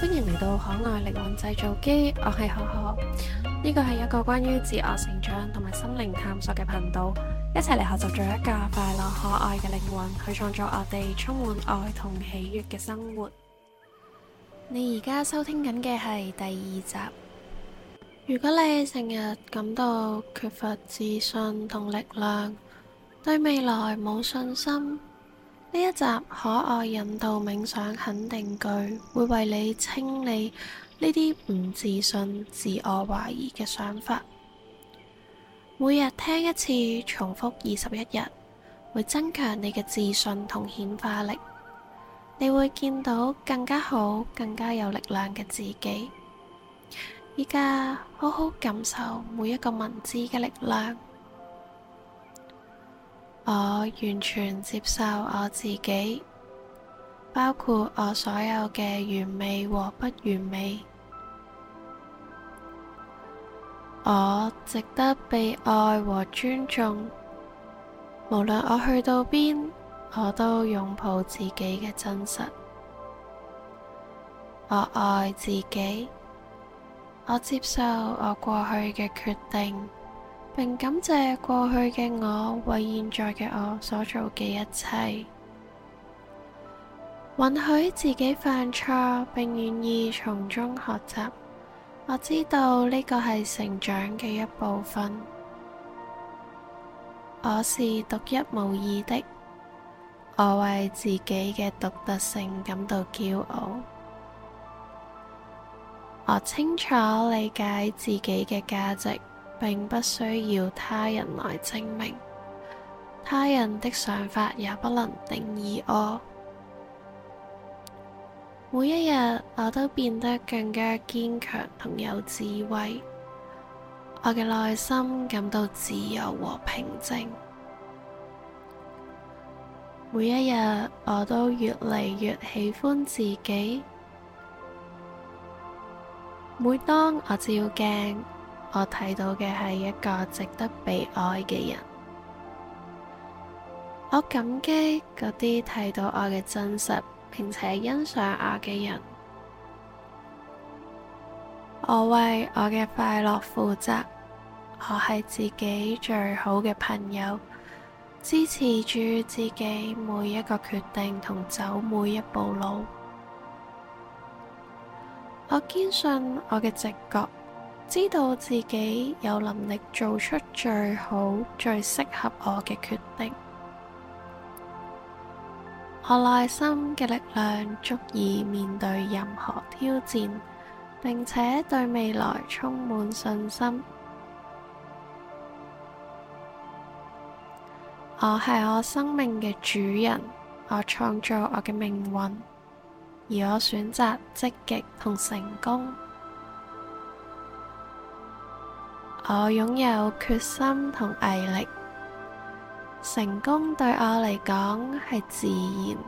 歡迎嚟到可愛靈魂製造機，我係可可，呢個係一個關於自我成長同埋心靈探索嘅頻道，一齊嚟學習做一個快樂可愛嘅靈魂，去創造我哋充滿愛同喜悅嘅生活。你而家收聽緊嘅係第二集。如果你成日感到缺乏自信同力量，對未來冇信心。呢一集可愛引導冥想肯定句會為你清理呢啲唔自信、自我懷疑嘅想法。每日聽一次，重複二十一日，會增強你嘅自信同顯化力。你會見到更加好、更加有力量嘅自己。而家好好感受每一個文字嘅力量。我完全接受我自己，包括我所有嘅完美和不完美。我值得被愛和尊重，無論我去到邊，我都擁抱自己嘅真實。我愛自己，我接受我過去嘅決定。並感謝過去嘅我為現在嘅我所做嘅一切，允許自己犯錯，並願意從中學習。我知道呢個係成長嘅一部分。我是獨一無二的，我為自己嘅獨特性感到驕傲。我清楚理解自己嘅價值。並不需要他人來證明，他人的想法也不能定義我。每一日，我都變得更加堅強同有智慧，我嘅內心感到自由和平靜。每一日，我都越嚟越喜歡自己。每當我照鏡，我睇到嘅係一個值得被愛嘅人，我感激嗰啲睇到我嘅真實，並且欣賞我嘅人。我為我嘅快樂負責，我係自己最好嘅朋友，支持住自己每一個決定同走每一步路。我堅信我嘅直覺。知道自己有能力做出最好、最適合我嘅決定，我內心嘅力量足以面對任何挑戰，並且對未來充滿信心。我係我生命嘅主人，我創造我嘅命運，而我選擇積極同成功。我擁有決心同毅力，成功對我嚟講係自然，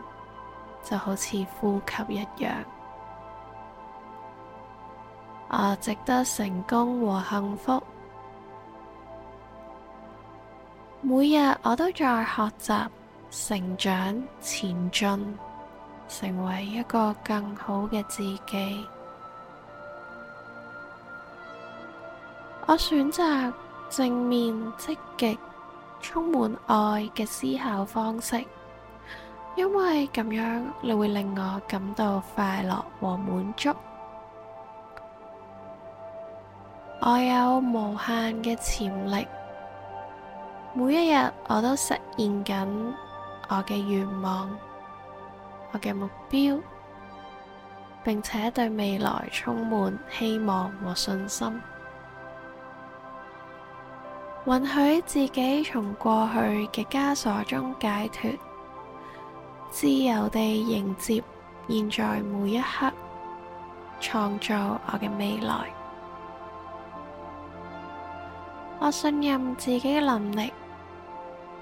就好似呼吸一樣。我值得成功和幸福。每日我都在學習、成長、前進，成為一個更好嘅自己。我選擇正面、積極、充滿愛嘅思考方式，因為咁樣你會令我感到快樂和滿足。我有無限嘅潛力，每一日我都實現緊我嘅願望、我嘅目標，並且對未來充滿希望和信心。允許自己從過去嘅枷鎖中解脱，自由地迎接現在每一刻，創造我嘅未來。我信任自己嘅能力，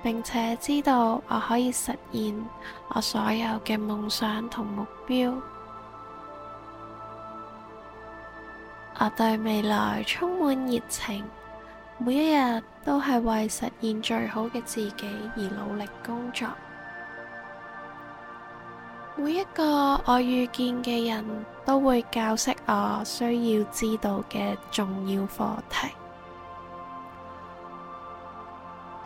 並且知道我可以實現我所有嘅夢想同目標。我對未來充滿熱情。每一日都係為實現最好嘅自己而努力工作。每一個我遇見嘅人都會教識我需要知道嘅重要課題。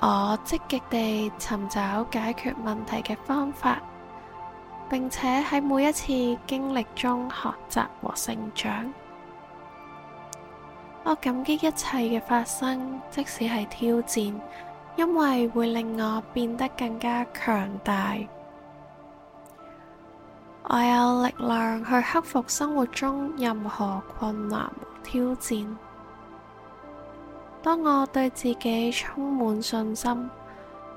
我積極地尋找解決問題嘅方法，並且喺每一次經歷中學習和成長。我感激一切嘅發生，即使係挑戰，因為會令我變得更加強大。我有力量去克服生活中任何困難和挑戰。當我對自己充滿信心，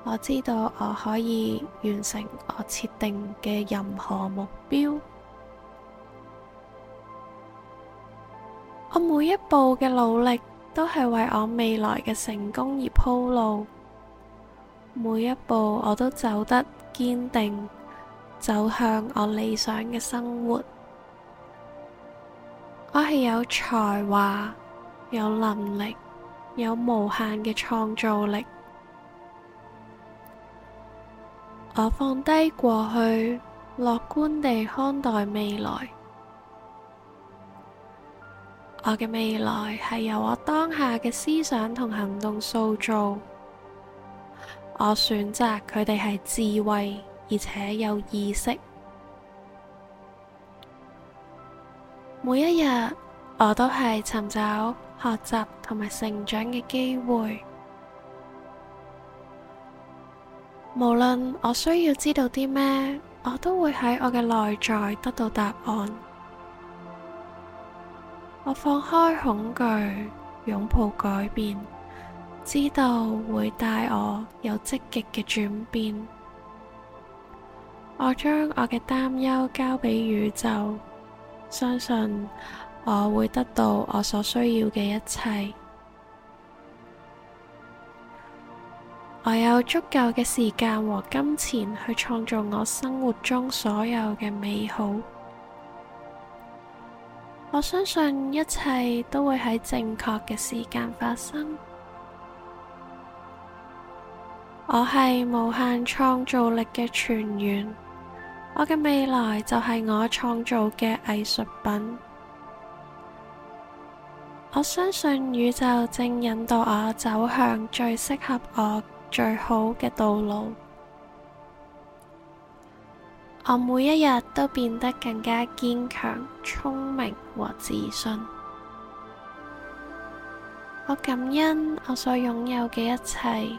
我知道我可以完成我設定嘅任何目標。我每一步嘅努力都係為我未來嘅成功而鋪路，每一步我都走得堅定，走向我理想嘅生活。我係有才華、有能力、有無限嘅創造力。我放低過去，樂觀地看待未來。我嘅未來係由我當下嘅思想同行動塑造。我選擇佢哋係智慧，而且有意識。每一日我都係尋找學習同埋成長嘅機會。無論我需要知道啲咩，我都會喺我嘅內在得到答案。我放開恐懼，擁抱改變，知道會帶我有積極嘅轉變。我將我嘅擔憂交俾宇宙，相信我會得到我所需要嘅一切。我有足夠嘅時間和金錢去創造我生活中所有嘅美好。我相信一切都會喺正確嘅時間發生。我係無限創造力嘅泉源，我嘅未來就係我創造嘅藝術品。我相信宇宙正引導我走向最適合我最好嘅道路。我每一日都變得更加堅強、聰明和自信。我感恩我所擁有嘅一切，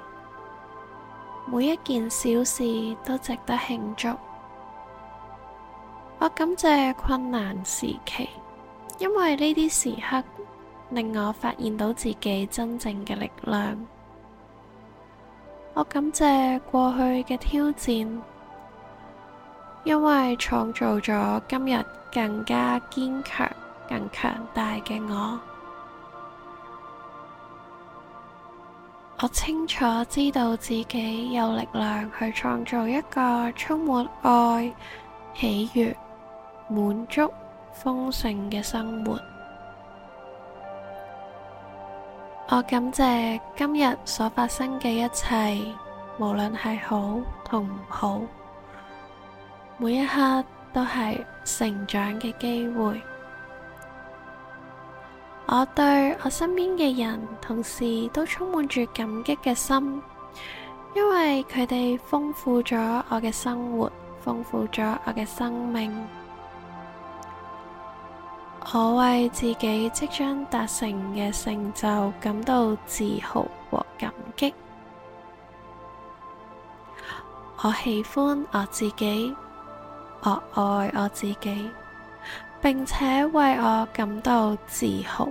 每一件小事都值得慶祝。我感謝困難時期，因為呢啲時刻令我發現到自己真正嘅力量。我感謝過去嘅挑戰。因為創造咗今日更加堅強、更強大嘅我，我清楚知道自己有力量去創造一個充滿愛、喜悅、滿足、豐盛嘅生活。我感謝今日所發生嘅一切，無論係好同唔好。每一刻都係成長嘅機會，我對我身邊嘅人、同事都充滿住感激嘅心，因為佢哋豐富咗我嘅生活，豐富咗我嘅生命。我為自己即將達成嘅成就感到自豪和感激。我喜歡我自己。我愛我自己，並且為我感到自豪。